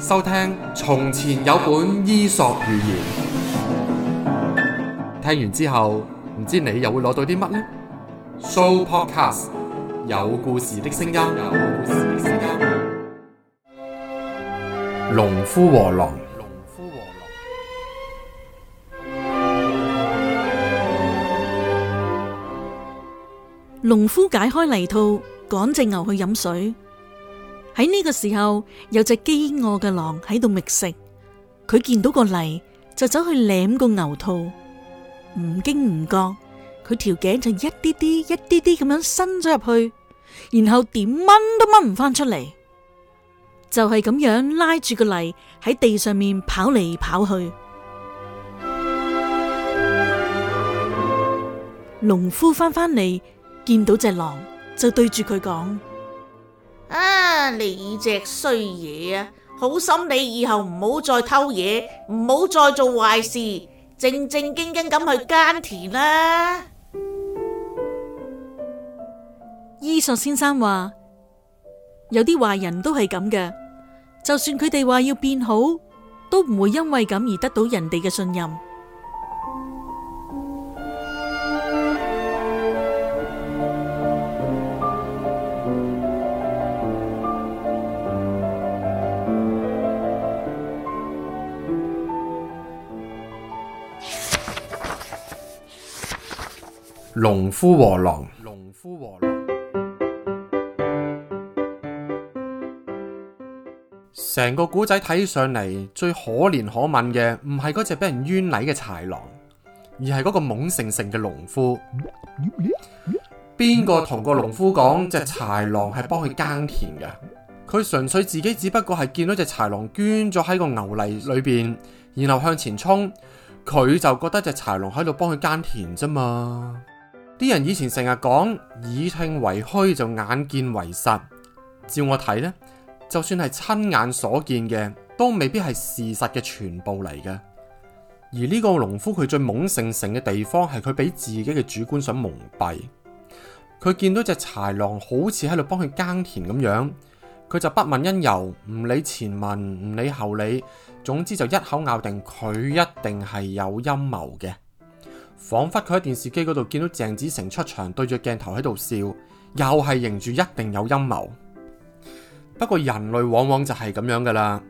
收聽從前有本伊索寓言，聽完之後唔知你又會攞到啲乜呢？Sooopodcast 有故事的聲音，有故事的聲音。農夫和狼。農夫和狼。農夫解開泥套，趕隻牛去飲水。喺呢個時候，有隻飢餓嘅狼喺度覓食。佢見到個犁，就走去舐個牛肚。唔經唔覺，佢條頸就一啲啲、一啲啲咁樣伸咗入去，然後點掹都掹唔翻出嚟。就係、是、咁樣拉住個犁喺地上面跑嚟跑去。農夫翻返嚟，見到隻狼，就對住佢講。啊！你隻衰嘢啊，好心你以後唔好再偷嘢，唔好再做壞事，正正經經咁去耕田啦。伊索先生話：有啲壞人都係咁嘅，就算佢哋話要變好，都唔會因為咁而得到人哋嘅信任。農夫和狼，農夫和狼，成個古仔睇上嚟，最可憐可憫嘅，唔係嗰隻俾人冤禮嘅豺狼，而係嗰個懵盛盛嘅農夫。邊個同個農夫講隻豺狼係幫佢耕田㗎？佢純粹自己只不過係見到隻豺狼捐咗喺個牛犁裏邊，然後向前衝，佢就覺得隻豺狼喺度幫佢耕田啫嘛。啲人以前成日講耳聽為虛就眼見為實，照我睇呢，就算係親眼所見嘅，都未必係事實嘅全部嚟嘅。而呢個農夫佢最懵盛盛嘅地方係佢俾自己嘅主觀想蒙蔽，佢見到隻豺狼好似喺度幫佢耕田咁樣，佢就不問因由，唔理前文，唔理後理，總之就一口咬定佢一定係有陰謀嘅。仿佛佢喺電視機嗰度見到鄭子誠出場，對住鏡頭喺度笑，又係迎住，一定有陰謀。不過人類往往就係咁樣噶啦，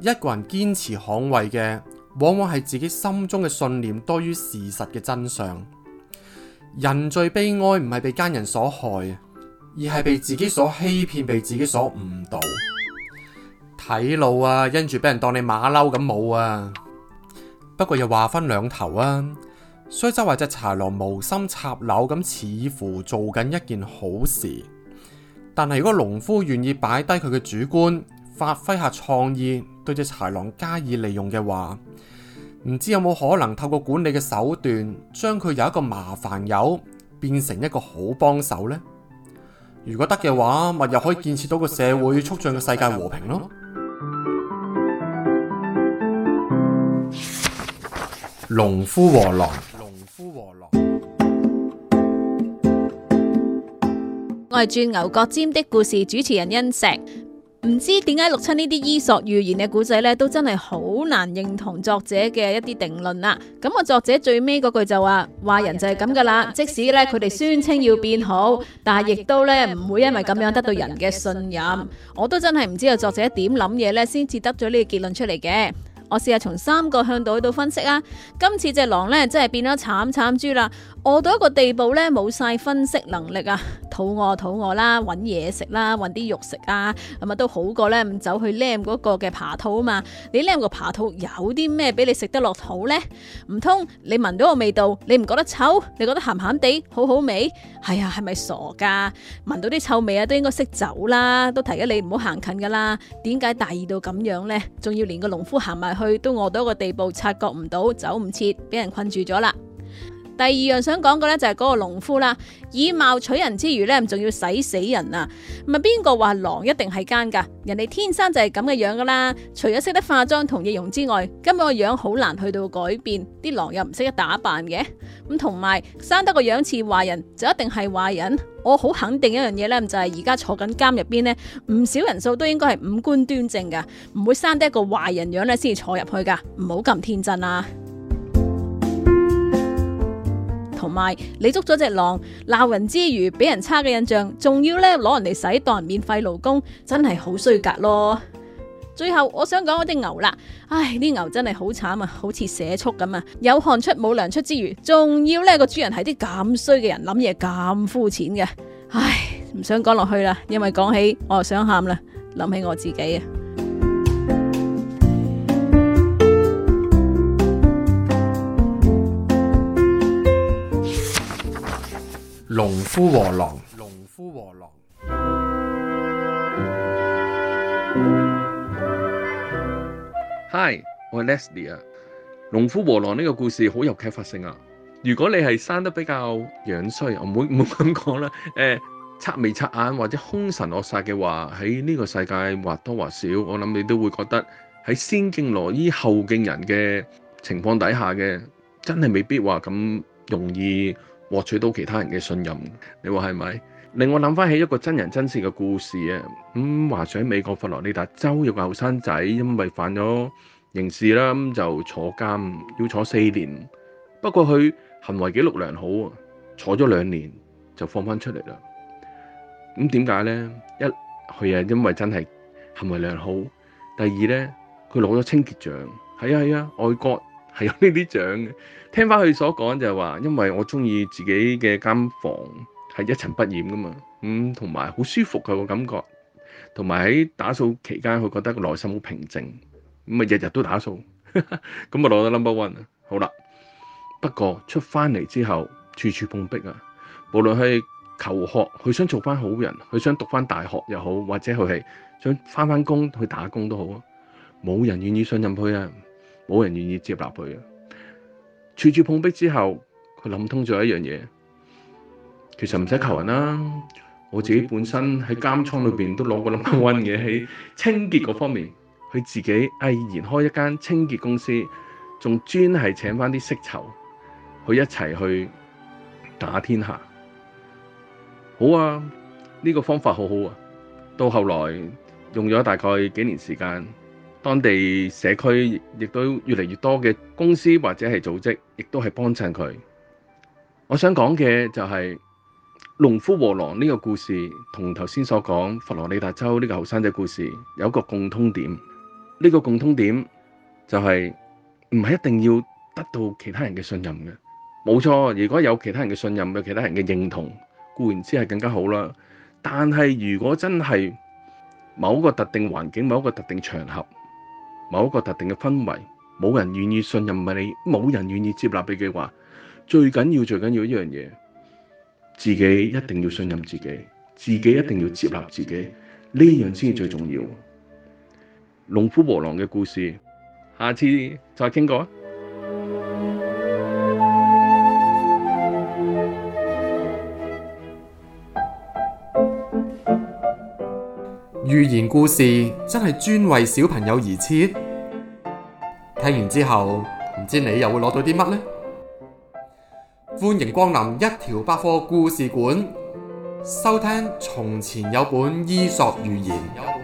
一個人堅持捍衛嘅，往往係自己心中嘅信念多於事實嘅真相。人最悲哀唔係被奸人所害，而係被自己所欺騙，被自己所誤導。睇路啊，因住俾人當你馬騮咁冇啊。不過又話分兩頭啊。雖則話隻豺狼無心插柳咁，似乎做緊一件好事。但係如果農夫願意擺低佢嘅主觀，發揮下創意，對隻豺狼加以利用嘅話，唔知有冇可能透過管理嘅手段，將佢由一個麻煩友變成一個好幫手呢？如果得嘅話，咪又可以建設到個社會，促進個世界和平咯。農夫和狼。係《鑽牛角尖》的故事，主持人欣石唔知點解錄親呢啲伊索寓言嘅古仔呢，都真係好難認同作者嘅一啲定論啦。咁個作者最尾嗰句就話：壞人就係咁噶啦，即使呢佢哋宣稱要變好，但係亦都呢唔會因為咁樣得到人嘅信任。我都真係唔知道作者點諗嘢呢，先至得咗呢個結論出嚟嘅。我試下從三個向度去到分析啊。今次隻狼呢，真係變咗慘慘豬啦。餓到一個地步咧，冇晒分析能力啊！肚餓，肚餓啦，搵嘢食啦，搵啲肉食啊，咁啊都好過咧，咁走去舐嗰個嘅爬兔啊嘛！你舐個爬兔有啲咩俾你食得落肚呢？唔通你聞到個味道，你唔覺得臭，你覺得鹹鹹地，好好味？係、哎、啊，係咪傻噶？聞到啲臭味啊，都應該識走啦，都提咗你唔好行近噶啦！點解大意到咁樣呢？仲要連個農夫行埋去都餓到一個地步，察覺唔到，走唔切，俾人困住咗啦！第二樣想講嘅咧，就係嗰個農夫啦，以貌取人之餘咧，仲要使死人啊！唔係邊個話狼一定係奸噶？人哋天生就係咁嘅樣噶啦，除咗識得化妝同易容之外，根本個樣好難去到改變。啲狼又唔識得打扮嘅，咁同埋生得個樣似壞人就一定係壞人？我好肯定一樣嘢咧，就係而家坐緊監入邊呢，唔少人數都應該係五官端正噶，唔會生得一個壞人樣咧先至坐入去噶。唔好咁天真啦！同埋你捉咗隻狼鬧人之餘，俾人差嘅印象，仲要咧攞人哋洗當人免費勞工，真係好衰格咯！最後我想講我啲牛啦，唉，啲牛真係好慘啊，好似社畜咁啊，有汗出冇糧出之餘，仲要咧個主人係啲咁衰嘅人，諗嘢咁膚淺嘅，唉，唔想講落去啦，因為講起我又想喊啦，諗起我自己啊。農夫和狼，農夫和狼。Hi，我係 Leslie 啊。農夫和狼呢個故事好有啟發性啊。如果你係生得比較樣衰，我唔會唔會咁講啦。誒，擦眉擦眼或者凶神惡煞嘅話，喺呢個世界或多或少，我諗你都會覺得喺先敬羅衣後敬人嘅情況底下嘅，真係未必話咁容易獲取到其他人嘅信任，你話係咪？令我諗翻起一個真人真事嘅故事啊！咁、嗯、話說喺美國佛羅里達州有個後生仔，因為犯咗刑事啦，就坐監，要坐四年。不過佢行為記錄良好，坐咗兩年就放翻出嚟啦。咁點解呢？一佢啊，佢因為真係行為良好；第二呢，佢攞咗清潔獎。係啊係啊，外國。係有呢啲獎嘅。聽翻佢所講就係話，因為我中意自己嘅間房係一塵不染噶嘛，咁同埋好舒服佢個感覺，同埋喺打掃期間佢覺得個內心好平靜，咁啊日日都打掃，咁啊攞到 number one 好啦。不過出翻嚟之後，處處碰壁啊。無論係求學，佢想做翻好人，佢想讀翻大學又好，或者佢係想翻翻工去打工都好啊，冇人願意信任佢啊。冇人願意接納佢嘅，處處碰壁之後，佢諗通咗一樣嘢，其實唔使求人啦。我自己本身喺監倉裏邊都攞過粒蚊嘅，喺清潔嗰方面，佢自己毅然開一間清潔公司，仲專係請返啲釋囚去一齊去打天下。好啊，呢個方法好好啊。到後來用咗大概幾年時間。當地社區亦都越嚟越多嘅公司或者係組織，亦都係幫襯佢。我想講嘅就係農夫和狼呢個故事，同頭先所講佛羅里達州呢個後生仔故事有個共通點。呢個共通點就係唔係一定要得到其他人嘅信任嘅。冇錯，如果有其他人嘅信任，有其他人嘅認同，固然之係更加好啦。但係如果真係某一個特定環境，某一個特定場合，某一個特定嘅氛圍，冇人願意信任唔係你，冇人願意接納你嘅話。最緊要、最緊要一樣嘢，自己一定要信任自己，自己一定要接納自己，呢樣先至最重要。農夫和狼嘅故事，下次再傾過。寓言故事真係專為小朋友而設。聽完之後，唔知你又會攞到啲乜呢？歡迎光臨一條百貨故事館，收聽從前有本伊索寓言。